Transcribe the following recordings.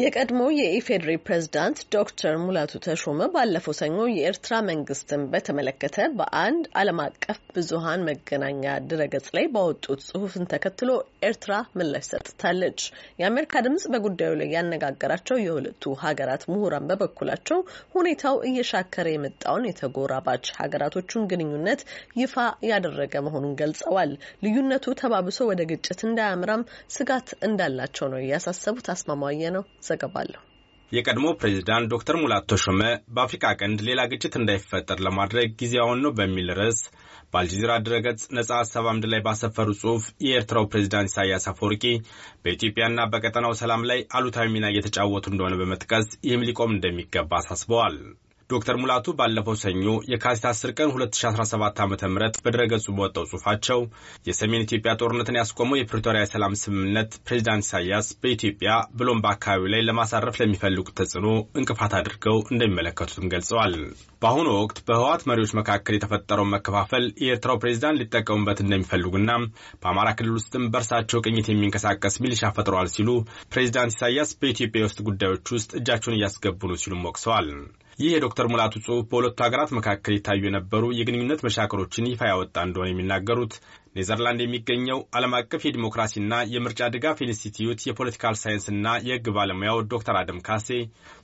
የቀድሞ የኢፌዴሪ ፕሬዝዳንት ዶክተር ሙላቱ ተሾመ ባለፈው ሰኞ የኤርትራ መንግስትን በተመለከተ በአንድ ዓለም አቀፍ ብዙሃን መገናኛ ድረገጽ ላይ ባወጡት ጽሁፍን ተከትሎ ኤርትራ ምላሽ ሰጥታለች። የአሜሪካ ድምጽ በጉዳዩ ላይ ያነጋገራቸው የሁለቱ ሀገራት ምሁራን በበኩላቸው ሁኔታው እየሻከረ የመጣውን የተጎራባች ሀገራቶቹን ግንኙነት ይፋ ያደረገ መሆኑን ገልጸዋል። ልዩነቱ ተባብሶ ወደ ግጭት እንዳያምራም ስጋት እንዳላቸው ነው እያሳሰቡት አስማማየ ነው ዘገባለሁ። የቀድሞ ፕሬዚዳንት ዶክተር ሙላቶ ሾመ በአፍሪካ ቀንድ ሌላ ግጭት እንዳይፈጠር ለማድረግ ጊዜያውን ነው በሚል ርዕስ በአልጀዚራ ድረገጽ ነጻ ሀሳብ አምድ ላይ ባሰፈሩ ጽሁፍ የኤርትራው ፕሬዚዳንት ኢሳያስ አፈወርቂ በኢትዮጵያና በቀጠናው ሰላም ላይ አሉታዊ ሚና እየተጫወቱ እንደሆነ በመጥቀስ ይህም ሊቆም እንደሚገባ አሳስበዋል። ዶክተር ሙላቱ ባለፈው ሰኞ የካቲት 10 ቀን 2017 ዓ ም በድረገጹ በወጣው ጽሑፋቸው የሰሜን ኢትዮጵያ ጦርነትን ያስቆመው የፕሪቶሪያ የሰላም ስምምነት ፕሬዚዳንት ኢሳያስ በኢትዮጵያ ብሎም በአካባቢው ላይ ለማሳረፍ ለሚፈልጉት ተጽዕኖ እንቅፋት አድርገው እንደሚመለከቱትም ገልጸዋል። በአሁኑ ወቅት በህወሓት መሪዎች መካከል የተፈጠረውን መከፋፈል የኤርትራው ፕሬዚዳንት ሊጠቀሙበት እንደሚፈልጉና በአማራ ክልል ውስጥም በእርሳቸው ቅኝት የሚንቀሳቀስ ሚሊሻ ፈጥረዋል ሲሉ ፕሬዚዳንት ኢሳያስ በኢትዮጵያ የውስጥ ጉዳዮች ውስጥ እጃቸውን እያስገቡ ነው ሲሉም ወቅሰዋል። ይህ የዶክተር ሙላቱ ጽሁፍ በሁለቱ ሀገራት መካከል ይታዩ የነበሩ የግንኙነት መሻከሮችን ይፋ ያወጣ እንደሆነ የሚናገሩት ኔዘርላንድ የሚገኘው ዓለም አቀፍ የዲሞክራሲና የምርጫ ድጋፍ ኢንስቲትዩት የፖለቲካል ሳይንስና የሕግ ባለሙያው ዶክተር አደም ካሴ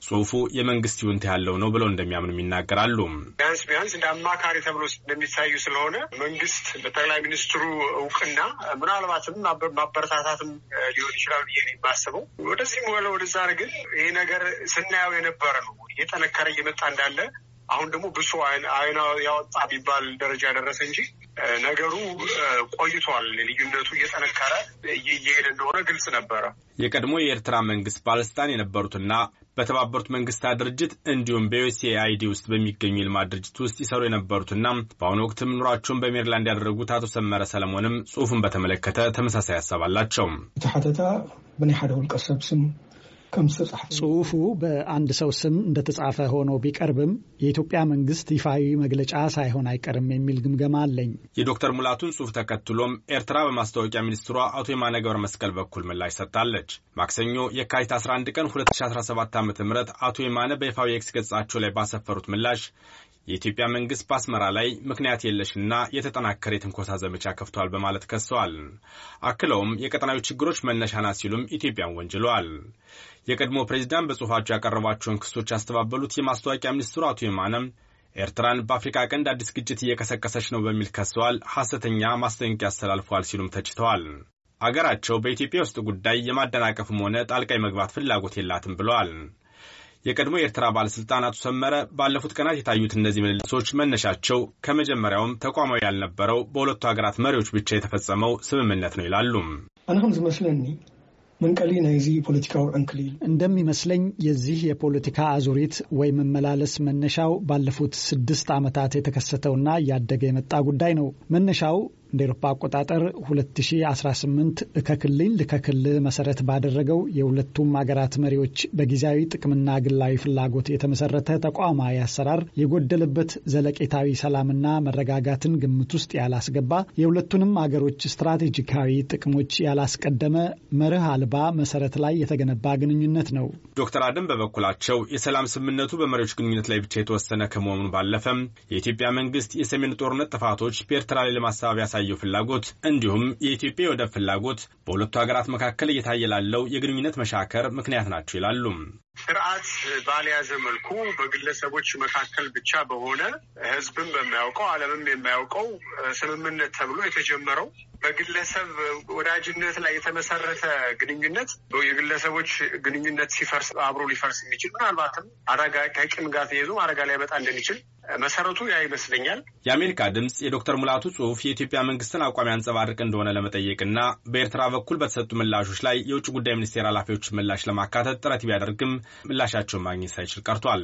ጽሁፉ የመንግስት ይሁንታ ያለው ነው ብለው እንደሚያምኑም ይናገራሉ። ቢያንስ ቢያንስ እንደ አማካሪ ተብሎ እንደሚታዩ ስለሆነ መንግስት በጠቅላይ ሚኒስትሩ እውቅና ምናልባትም ማበረታታትም ሊሆን ይችላል ብዬ ነው የማስበው። ወደዚህም ወለ ወደዛ ግን ይሄ ነገር ስናየው የነበረ ነው እየጠነከረ እየመጣ እንዳለ አሁን ደግሞ ብሶ አይና ያወጣ ቢባል ደረጃ ደረሰ እንጂ ነገሩ ቆይቷል። ልዩነቱ እየጠነከረ እየሄደ እንደሆነ ግልጽ ነበረ። የቀድሞ የኤርትራ መንግስት ባለስልጣን የነበሩትና በተባበሩት መንግስታት ድርጅት እንዲሁም በዩኤስኤአይዲ ውስጥ በሚገኙ የልማት ድርጅት ውስጥ ይሰሩ የነበሩትና በአሁኑ ወቅት መኖራቸውን በሜሪላንድ ያደረጉት አቶ ሰመረ ሰለሞንም ጽሁፉን በተመለከተ ተመሳሳይ ያሰባላቸው እቲ ሓተታ ብናይ ሓደ ውልቀ ሰብ ስም ጽሑፉ በአንድ ሰው ስም እንደተጻፈ ሆኖ ቢቀርብም የኢትዮጵያ መንግስት ይፋዊ መግለጫ ሳይሆን አይቀርም የሚል ግምገማ አለኝ። የዶክተር ሙላቱን ጽሑፍ ተከትሎም ኤርትራ በማስታወቂያ ሚኒስትሯ አቶ የማነ ገብረ መስቀል በኩል ምላሽ ሰጥታለች። ማክሰኞ የካቲት 11 ቀን 2017 ዓ ም አቶ የማነ በይፋዊ ኤክስ ገጻቸው ላይ ባሰፈሩት ምላሽ የኢትዮጵያ መንግስት በአስመራ ላይ ምክንያት የለሽና የተጠናከረ የትንኮሳ ዘመቻ ከፍቷል በማለት ከሰዋል። አክለውም የቀጠናዊ ችግሮች መነሻ ናት ሲሉም ኢትዮጵያን ወንጅለዋል። የቀድሞ ፕሬዚዳንት በጽሁፋቸው ያቀረቧቸውን ክሶች ያስተባበሉት የማስታወቂያ ሚኒስትሩ አቶ የማነም ኤርትራን በአፍሪካ ቀንድ አዲስ ግጭት እየቀሰቀሰች ነው በሚል ከሰዋል። ሐሰተኛ ማስጠንቀቂያ አስተላልፈዋል ሲሉም ተችተዋል። አገራቸው በኢትዮጵያ ውስጥ ጉዳይ የማደናቀፍም ሆነ ጣልቃ የመግባት ፍላጎት የላትም ብለዋል። የቀድሞ የኤርትራ ባለስልጣን አቶ ሰመረ ባለፉት ቀናት የታዩት እነዚህ ምልልሶች መነሻቸው ከመጀመሪያውም ተቋማዊ ያልነበረው በሁለቱ ሀገራት መሪዎች ብቻ የተፈጸመው ስምምነት ነው ይላሉ። አንም ዝመስለኒ መንቀሊ ናይዚ ፖለቲካዊ ዕንክሊል እንደሚመስለኝ የዚህ የፖለቲካ አዙሪት ወይ መመላለስ መነሻው ባለፉት ስድስት ዓመታት የተከሰተውና እያደገ የመጣ ጉዳይ ነው። መነሻው እንደ ኤሮፓ አቆጣጠር 2018 ከክልል ከክል መሰረት ባደረገው የሁለቱም አገራት መሪዎች በጊዜያዊ ጥቅምና ግላዊ ፍላጎት የተመሰረተ ተቋማዊ አሰራር የጎደለበት ዘለቄታዊ ሰላምና መረጋጋትን ግምት ውስጥ ያላስገባ የሁለቱንም አገሮች ስትራቴጂካዊ ጥቅሞች ያላስቀደመ መርህ አልባ መሰረት ላይ የተገነባ ግንኙነት ነው። ዶክተር አደም በበኩላቸው የሰላም ስምምነቱ በመሪዎች ግንኙነት ላይ ብቻ የተወሰነ ከመሆኑ ባለፈም የኢትዮጵያ መንግስት የሰሜን ጦርነት ጥፋቶች በኤርትራ ላይ ለማሳባቢያ የሚያሳየው ፍላጎት እንዲሁም የኢትዮጵያ የወደብ ፍላጎት በሁለቱ ሀገራት መካከል እየታየ ላለው የግንኙነት መሻከር ምክንያት ናቸው ይላሉ። ስርዓት ባልያዘ መልኩ በግለሰቦች መካከል ብቻ በሆነ ህዝብም በማያውቀው ዓለምም የማያውቀው ስምምነት ተብሎ የተጀመረው በግለሰብ ወዳጅነት ላይ የተመሰረተ ግንኙነት የግለሰቦች ግንኙነት ሲፈርስ አብሮ ሊፈርስ የሚችል ምናልባትም አደጋ ከቂም ጋር ተያይዞ አደጋ ያመጣ እንደሚችል መሰረቱ ያ ይመስለኛል። የአሜሪካ ድምፅ የዶክተር ሙላቱ ጽሁፍ የኢትዮጵያ መንግስትን አቋም ያንጸባርቅ እንደሆነ ለመጠየቅና በኤርትራ በኩል በተሰጡ ምላሾች ላይ የውጭ ጉዳይ ሚኒስቴር ኃላፊዎች ምላሽ ለማካተት ጥረት ቢያደርግም ምላሻቸውን ማግኘት ሳይችል ቀርቷል።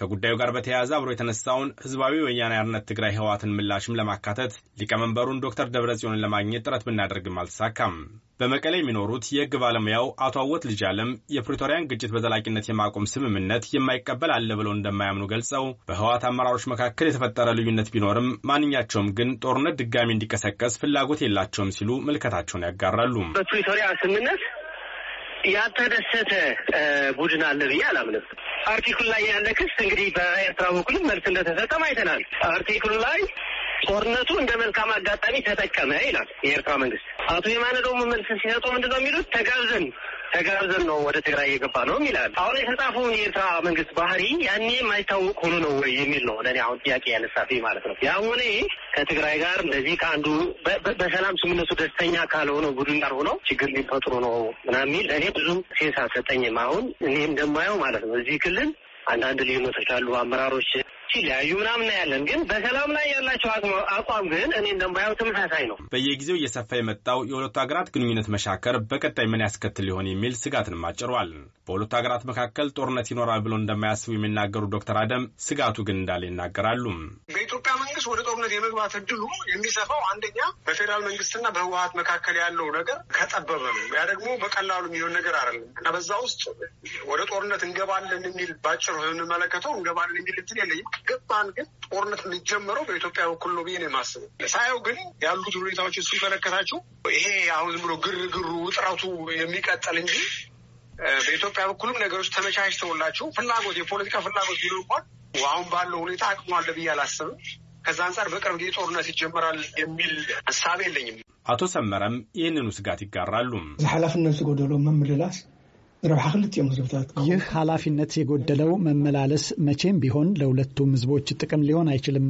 ከጉዳዩ ጋር በተያያዘ አብሮ የተነሳውን ህዝባዊ ወያነ ሓርነት ትግራይ ህወሓትን ምላሽም ለማካተት ሊቀመንበሩን ዶክተር ደብረጽዮንን ለማግኘት ጥረት ብናደርግም አልተሳካም። በመቀሌ የሚኖሩት የህግ ባለሙያው አቶ አወት ልጅ አለም የፕሪቶሪያን ግጭት በዘላቂነት የማቆም ስምምነት የማይቀበል አለ ብለው እንደማያምኑ ገልጸው በህወሓት አመራሮች መካከል የተፈጠረ ልዩነት ቢኖርም ማንኛቸውም ግን ጦርነት ድጋሚ እንዲቀሰቀስ ፍላጎት የላቸውም ሲሉ ምልከታቸውን ያጋራሉ። በፕሪቶሪያ ስምምነት ያልተደሰተ ቡድን አለ ብዬ አላምንም። አርቲክሉ ላይ ያለ ክስ እንግዲህ በኤርትራ በኩልም መልስ እንደተሰጠም አይተናል። አርቲክሉ ላይ ጦርነቱ እንደ መልካም አጋጣሚ ተጠቀመ ይላል የኤርትራ መንግስት። አቶ የማነ ደግሞ መልስ ሲሰጡ ምንድነው የሚሉት? ተጋብዘን ተጋብዘን ነው ወደ ትግራይ የገባ ነው ይላል። አሁን የተጻፈውን የኤርትራ መንግስት ባህሪ ያኔ የማይታወቅ ሆኖ ነው ወይ የሚል ነው ለእኔ አሁን ጥያቄ ያነሳፊ ማለት ነው። ያ ሆነ ከትግራይ ጋር እንደዚህ ከአንዱ በሰላም ስምነቱ ደስተኛ ካልሆነ ቡድን ጋር ሆነው ችግር ሊፈጥሩ ነው ምናምን የሚል ለእኔ ብዙ ሴንስ አልሰጠኝም። አሁን እኔም እንደማየው ማለት ነው እዚህ ክልል አንዳንድ ልዩነቶች አሉ። አመራሮች ሲለያዩ ምናምን ያለን ግን በሰላም ላይ ያላቸው አቋም ግን እኔ እንደማየው ተመሳሳይ ነው። በየጊዜው እየሰፋ የመጣው የሁለቱ ሀገራት ግንኙነት መሻከር በቀጣይ ምን ያስከትል ሊሆን የሚል ስጋትንም አጭሯል። በሁለቱ ሀገራት መካከል ጦርነት ይኖራል ብሎ እንደማያስቡ የሚናገሩ ዶክተር አደም ስጋቱ ግን እንዳለ ይናገራሉ። በኢትዮጵያ መንግስት ወደ ጦርነት የመግባት እድሉ የሚሰፋው አንደኛ በፌዴራል መንግስትና በህወሀት መካከል ያለው ነገር ከጠበበ ነው። ያ ደግሞ በቀላሉ የሚሆን ነገር አይደለም እና በዛ ውስጥ ወደ ጦርነት እንገባለን የሚል ባጭር ስንመለከተው እንገባለን የሚል እንትን የለኝም ያስገባን ግን ጦርነት የሚጀመረው በኢትዮጵያ በኩል ነው ብዬ ነው የማስበው። ሳየው ግን ያሉት ሁኔታዎች እሱ ይመለከታቸው ይሄ አሁን ዝም ብሎ ግርግሩ ውጥረቱ የሚቀጥል እንጂ በኢትዮጵያ በኩልም ነገሮች ተመቻችተውላቸው ፍላጎት የፖለቲካ ፍላጎት ቢኖር እንኳን አሁን ባለው ሁኔታ አቅሙ አለ ብዬ አላስብም። ከዛ አንጻር በቅርብ ጊዜ ጦርነት ይጀመራል የሚል ሀሳብ የለኝም። አቶ ሰመረም ይህንኑ ስጋት ይጋራሉ። ኃላፊነት ጎደሎ መምልላስ ይህ ኃላፊነት የጎደለው መመላለስ መቼም ቢሆን ለሁለቱም ህዝቦች ጥቅም ሊሆን አይችልም።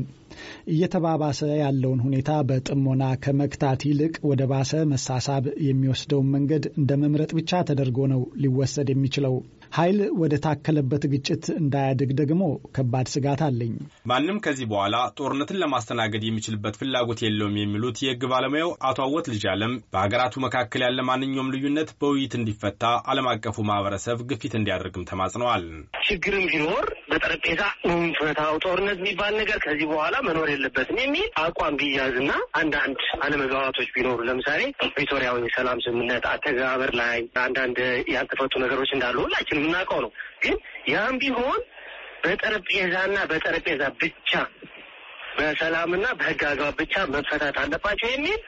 እየተባባሰ ያለውን ሁኔታ በጥሞና ከመግታት ይልቅ ወደ ባሰ መሳሳብ የሚወስደውን መንገድ እንደ መምረጥ ብቻ ተደርጎ ነው ሊወሰድ የሚችለው። ኃይል ወደ ታከለበት ግጭት እንዳያድግ ደግሞ ከባድ ስጋት አለኝ። ማንም ከዚህ በኋላ ጦርነትን ለማስተናገድ የሚችልበት ፍላጎት የለውም የሚሉት የህግ ባለሙያው አቶ አወት ልጅ አለም በሀገራቱ መካከል ያለ ማንኛውም ልዩነት በውይይት እንዲፈታ ዓለም አቀፉ ማህበረሰብ ግፊት እንዲያደርግም ተማጽነዋል። ችግርም ቢኖር በጠረጴዛ ፈታው ጦርነት የሚባል ነገር ከዚህ በኋላ መኖር የለበትም የሚል አቋም ቢያዝና አንዳንድ አለመግባባቶች ቢኖሩ ለምሳሌ ፕሪቶሪያው የሰላም ስምምነት አተገባበር ላይ አንዳንድ ያልተፈቱ ነገሮች እንዳሉ ሁላችን የምናውቀው ነው። ግን ያም ቢሆን በጠረጴዛና በጠረጴዛ ብቻ በሰላምና በህግ አግባብ ብቻ መፈታት አለባቸው የሚል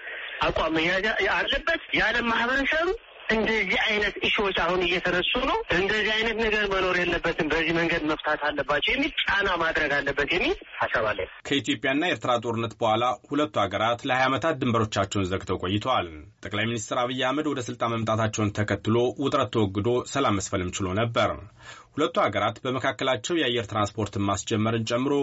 አቋም መያዝ አለበት። የዓለም ማህበረሰብ እንደዚህ አይነት እሾች አሁን እየተነሱ ነው። እንደዚህ አይነት ነገር መኖር የለበትም፣ በዚህ መንገድ መፍታት አለባቸው የሚል ጫና ማድረግ አለበት የሚል ሀሳብ አለ። ከኢትዮጵያና ኤርትራ ጦርነት በኋላ ሁለቱ ሀገራት ለሀያ ዓመታት ድንበሮቻቸውን ዘግተው ቆይተዋል። ጠቅላይ ሚኒስትር አብይ አህመድ ወደ ስልጣን መምጣታቸውን ተከትሎ ውጥረት ተወግዶ ሰላም መስፈልም ችሎ ነበር። ሁለቱ ሀገራት በመካከላቸው የአየር ትራንስፖርትን ማስጀመርን ጨምሮ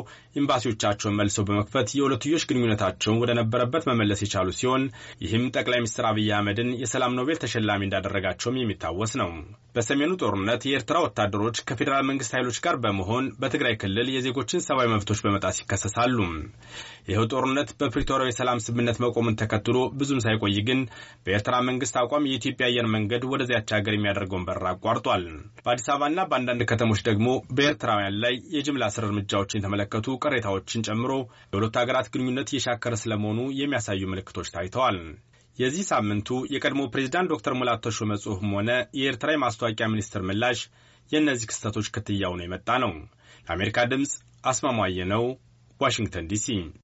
ኤምባሲዎቻቸውን መልሰው በመክፈት የሁለትዮሽ ግንኙነታቸውን ወደ ነበረበት መመለስ የቻሉ ሲሆን ይህም ጠቅላይ ሚኒስትር አብይ አህመድን የሰላም ኖቤል ተሸላሚ እንዳደረጋቸውም የሚታወስ ነው። በሰሜኑ ጦርነት የኤርትራ ወታደሮች ከፌዴራል መንግስት ኃይሎች ጋር በመሆን በትግራይ ክልል የዜጎችን ሰብአዊ መብቶች በመጣስ ይከሰሳሉ። ይኸው ጦርነት በፕሪቶሪያው የሰላም ስምምነት መቆሙን ተከትሎ ብዙም ሳይቆይ ግን በኤርትራ መንግስት አቋም የኢትዮጵያ አየር መንገድ ወደዚያች ሀገር የሚያደርገውን በረራ አቋርጧል። በአዲስ አበባና በአንዳንድ አንዳንድ ከተሞች ደግሞ በኤርትራውያን ላይ የጅምላ ስር እርምጃዎችን የተመለከቱ ቅሬታዎችን ጨምሮ የሁለቱ ሀገራት ግንኙነት እየሻከረ ስለመሆኑ የሚያሳዩ ምልክቶች ታይተዋል። የዚህ ሳምንቱ የቀድሞ ፕሬዚዳንት ዶክተር ሙላቱ ተሾመ ጽሑፍም ሆነ የኤርትራ የማስታወቂያ ሚኒስትር ምላሽ የእነዚህ ክስተቶች ክትያው ነው የመጣ ነው። ለአሜሪካ ድምፅ አስማማየ ነው፣ ዋሽንግተን ዲሲ